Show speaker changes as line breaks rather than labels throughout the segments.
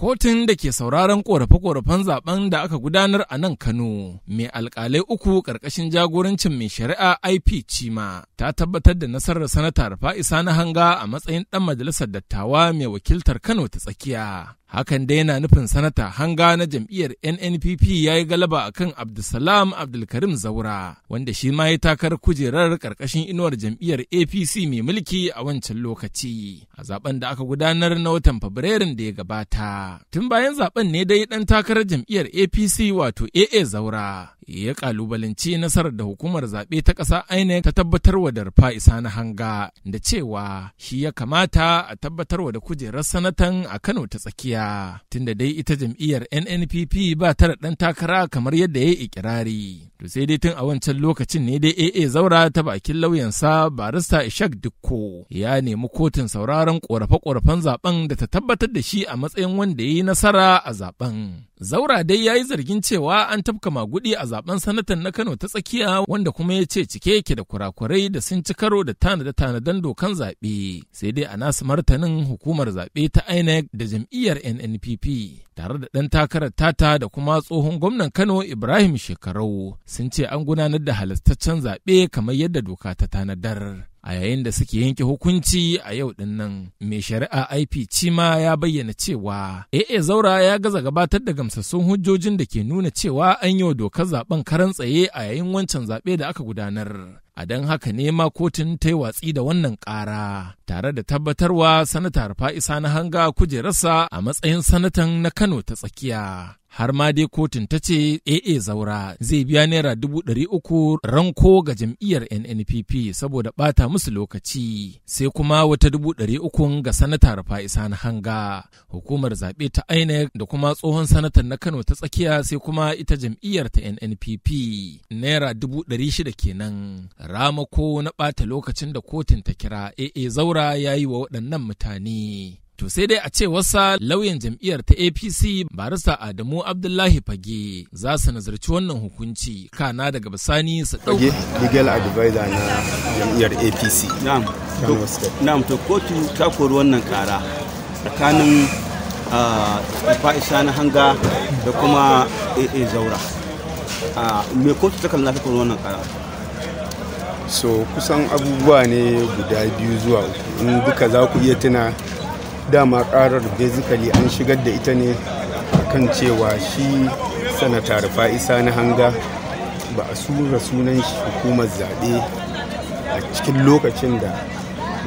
kotun da ke sauraron korafe-korafen zaben da aka gudanar a nan Kano, mai alkalai uku ƙarƙashin jagorancin mai shari'a IP Cima, ta tabbatar da nasarar sanata Rufa'isa na Hanga a matsayin ɗan majalisar dattawa mai wakiltar Kano ta tsakiya. hakan da yana nufin sanata hanga na jam'iyyar nnpp ya yi galaba a kan abdulsalam abdulkarim zaura wanda shi ma ya takar kujerar karkashin inuwar jam'iyyar apc mai mulki a wancan lokaci a zaben da aka gudanar na watan fabrairun da ya gabata tun bayan zaben ne dai dan takarar jam'iyyar apc wato aa zaura ya kalubalanci nasarar da hukumar zaɓe ta ƙasa INEC ta tabbatar wa da rufa isa na hanga da cewa shi ya kamata a tabbatar wa da kujerar sanatan a kano ta tsakiya Tun tunda dai ita jam'iyyar NNPP ba da ɗan takara kamar yadda ya yi ikirari. To sai dai tun a wancan lokacin ne dai AA Zaura ta bakin lauyansa barista Ishak Dikko ya nemi kotun sauraron ƙorafe-ƙorafen zaben da ta tabbatar da shi a matsayin wanda ya yi nasara a zaben. Zaura dai ya yi zargin cewa an tafka magudi a zaben sanatan na Kano ta tsakiya wanda kuma ya ce cike yake da kurakurai da sun ci karo da tanada tanadan dokan zaɓe. Sai dai a nasu martanin hukumar zaɓe ta INEC da jam'iyyar NNPP tare da ɗan takarar tata da kuma tsohon gwamnan Kano Ibrahim Shekarau sun ce an gudanar da halastaccen zaɓe kamar yadda doka ta tanadar. a yayin da suke yanke hukunci a yau din nan mai shari'a IP Cima ya bayyana cewa AA Zaura ya gaza gabatar da gamsassun hujjojin da ke nuna cewa an yi wa dokar zaben karan tsaye a yayin wancan zaɓe da aka gudanar. A don haka ne ma kotun ta yi watsi da wannan ƙara tare da tabbatarwa sanata isa na hanga kujerarsa a matsayin sanatan na Kano ta tsakiya. har ma dai kotun ta ce AA Zaura zai biya naira dubu ɗari uku ranko ga jam'iyyar NNPP saboda ɓata musu lokaci sai kuma wata dubu ɗari uku ga sanata Isa na Hanga hukumar zaɓe ta INEC da kuma tsohon sanatar na Kano ta tsakiya sai kuma ita jam'iyyar ta NNPP naira dubu ɗari shida kenan ramako na ɓata lokacin da kotun ta kira AA Zaura ya yi wa waɗannan mutane. To sai dai a ce wasa lauyan jam'iyyar ta APC barista Adamu Abdullahi Fage za su nazarci wannan hukunci kana daga bisani su
ɗauka. Legal advisor na jam'iyyar APC. Na'am, to kotu ta kori wannan kara tsakanin ah, Fa'isha na hanga da kuma AA Zaura. Ah, me kotu ta kalla ta kori wannan kara? So kusan abubuwa ne guda biyu zuwa uku in duka za ku iya tuna dama karar basically an shigar da ita ne kan cewa shi sanata rufa'isa na hanga ba a sura sunan hukumar zaɓe a cikin lokacin da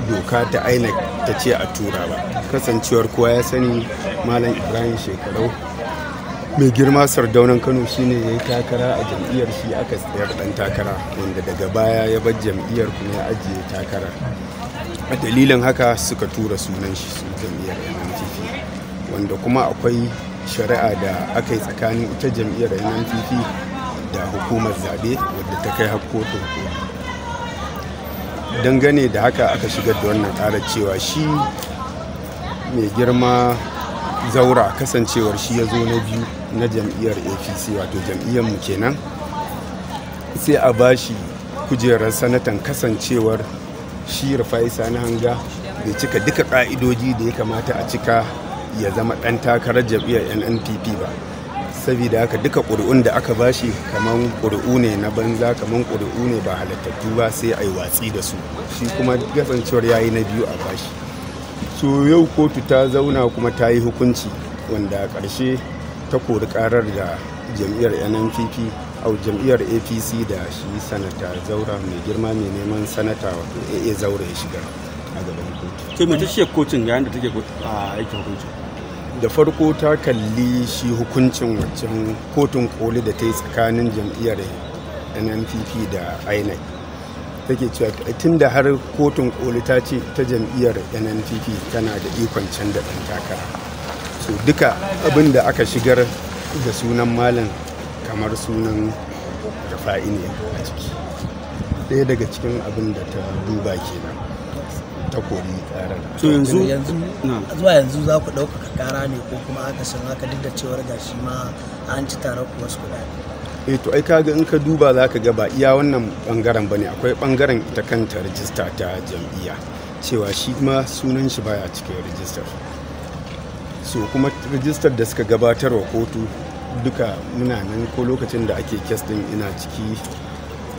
doka ta aina ta ce a tura ba kasancewar kowa ya sani malam ibrahim shekarau mai girma sardaunan kano shine ya yi takara a jam'iyyar shi aka tsayar dan takara wanda daga baya ya bar jam'iyyar kuma ya ajiye takara a dalilin haka suka tura sunan shi su jam'iyyar nnpp wanda kuma akwai shari'a da aka yi tsakanin ita jam'iyyar nnpp da hukumar zaɓe wadda ta kai hakkotu dangane da haka aka shigar da wannan ƙara cewa shi mai girma zaura kasancewar shi ya zo na biyu na jam'iyyar apc wato jam'iyyar mu kenan sai a bashi kujerar sanatan kasancewar shiyar faisa na hanga bai cika duka ka'idoji da ya kamata a cika ya zama ɗan takarar jam'iyyar nnpp ba saboda haka duka ƙuri'un da aka bashi kamar ƙuri'u ne na banza kamar ƙuri'u ne ba halittattu ba sai a yi watsi da su shi kuma ya yi na biyu a bashi so yau kotu ta zauna kuma ta yi hukunci wanda a ƙarshe ta kori ƙarar da jam'iyyar nnpp au jam'iyyar apc da shi sanata zaura mai girma mai neman sanata wato aa zaura ya shiga a gaban kotu to mai ta ce kotun ga yadda take a aikin hukunci da farko ta kalli shi hukuncin waccan kotun koli da ta yi tsakanin jam'iyyar nnpp da inec take cewa tun da har kotun koli ta ce ta jam'iyyar nnpp tana da ikon canza ɗan takara so duka abin da aka shigar da sunan malam kamar sunan rufa'i ne a ciki ɗaya daga cikin abin da ta duba kenan ta kori ƙarar to yanzu zuwa yanzu za ku ɗaukaka ƙara ne ko kuma aka san haka duk da cewar ga shi ma an ci tare ku wasu kuɗaɗe e to ai kaga in ka duba za ka ga ba iya wannan bangaren ne akwai bangaren ita kanta rijista ta jam'iyya cewa shi ma sunan shi baya cikin rijistar so kuma rijistar da suka gabatarwa kotu duka muna nan ko lokacin da ake kes ina ciki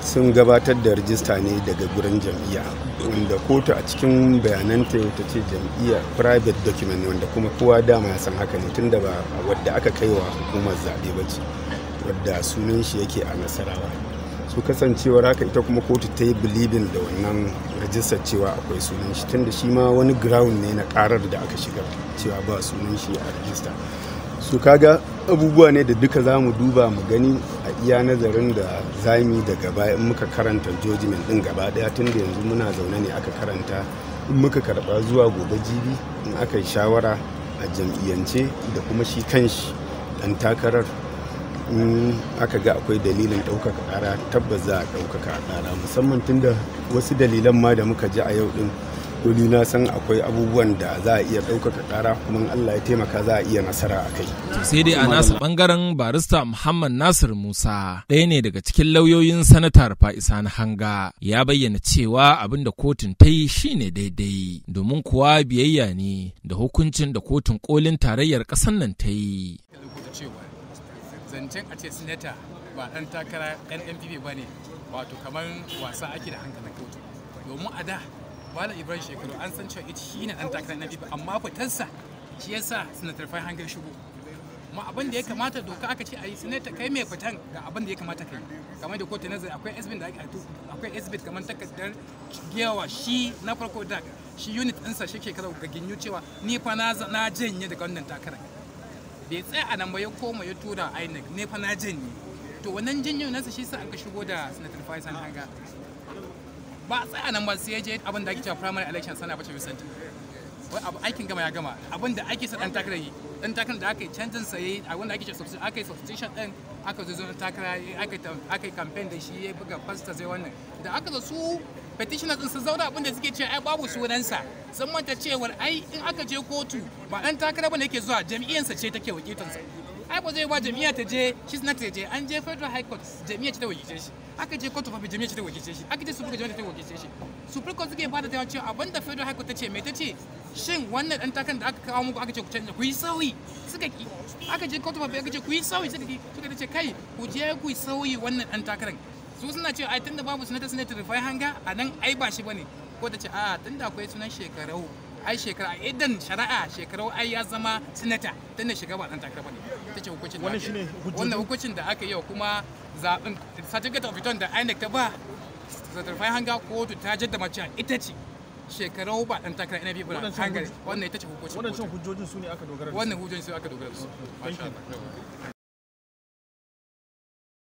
sun gabatar da rijista ne daga gurin jam'iyya wanda kotu a cikin bayanan ta ce jam'iyya private document ne wanda kuma kowa dama ya san haka ne tun da ba wadda aka kai wa hukumar zaɓe ba ce wadda sunan shi yake a nasarawa su kasancewar haka ita kuma kotu ta yi bilibin da wannan rajistar cewa akwai sunan shi tunda shi ma wani ground ne na karar da aka shiga cewa ba sunan shi a rajista to kaga abubuwa ne da duka zamu duba mu gani a iya nazarin da zami daga baya in muka karanta jojimin din gaba daya tun da yanzu muna zaune ne aka karanta in muka karba zuwa gobe jibi in aka yi shawara a jam'iyyance da kuma shi kanshi dan takarar in aka ga akwai dalilin ɗaukaka ƙara tabbas za a ɗaukaka ƙara musamman tunda wasu dalilan ma da muka ji a yau din doli na san akwai abubuwan da za a iya ɗaukaka ƙara kuma Allah ya taimaka za a iya nasara a kai.
sai dai a nasu bangaren barista Muhammad Nasir Musa ɗaya ne daga cikin lauyoyin sanatar Fa'isa na Hanga ya bayyana cewa abin da kotun ta yi shine daidai domin kuwa biyayya ne da hukuncin da kotun kolin tarayyar ƙasar nan ta yi.
zancen a ce sinata ba ɗan takara ɗan mpp ba wato kamar wasa ake da hankalin kotu domin a da malam ibrahim shekaru an san cewa ita shi ne ɗan takarar na biyu amma tansa shi ya sa sanatar fahan gan shigo ma abin da ya kamata doka aka ce a yi sanata kai mai kwatan ga abin da ya kamata kai kamar da kotu nazari akwai esbit da ake akwai esbit kamar takardar giyawa shi na farko da shi unit ɗinsa shi ke kira ga ginyu cewa ni fa na janye daga wannan takarar bai tsaya a nan ba ya koma ya tura inec ne fa na janye to wannan janyo nasa shi sa aka shigo da sanatar fahan hanga ba tsaya nan ba sai ya je abin da ake cewa primary election sana bace recent wai abu aikin gama ya gama abin da ake sa dan takara yi dan takara da aka yi canjin sa abin da ake cewa substitution aka yi substitution din aka zo zo takara aka aka yi campaign da shi ya buga fasta zai wannan da aka zo su petitioners din sun zauna abin da suke cewa ai babu sunansa sun manta cewar ai in aka je kotu ba dan takara bane yake zuwa jam'iyyarsa ce take wakiltansa ai ba zai ba jami'a ta je shi na ta je an je federal high court jami'a ta wakilce shi aka je court of appeal jami'a ta wakilce shi aka je supreme court jami'a ta wakilce shi supreme court suke bada tawa cewa abinda federal high court ta ce me ta ce shin wannan dan takan da aka kawo muku aka ce ku canza ku yi sauyi suka ki aka je court of appeal aka ce ku yi sauyi suka ki suka ce kai ku je ku yi sauyi wannan dan takaran su suna cewa ai tunda babu sunan ta rufai hanga a nan ai ba shi bane ko ta ce a tunda akwai sunan shekarau ai shekara a idan shari'a shekaru ai ya zama sinata tun da ba dan takara bane ce hukuncin da shine wannan hukuncin da aka yi kuma zaɓin certificate of return da INEC ta ba certified hanga kotu ta jaddada cewa ita ce shekaru ba dan takara bi ba hanga wannan ita ce hukuncin wannan hujjojin su ne aka dogara wannan hujjojin su aka dogara su masha Allah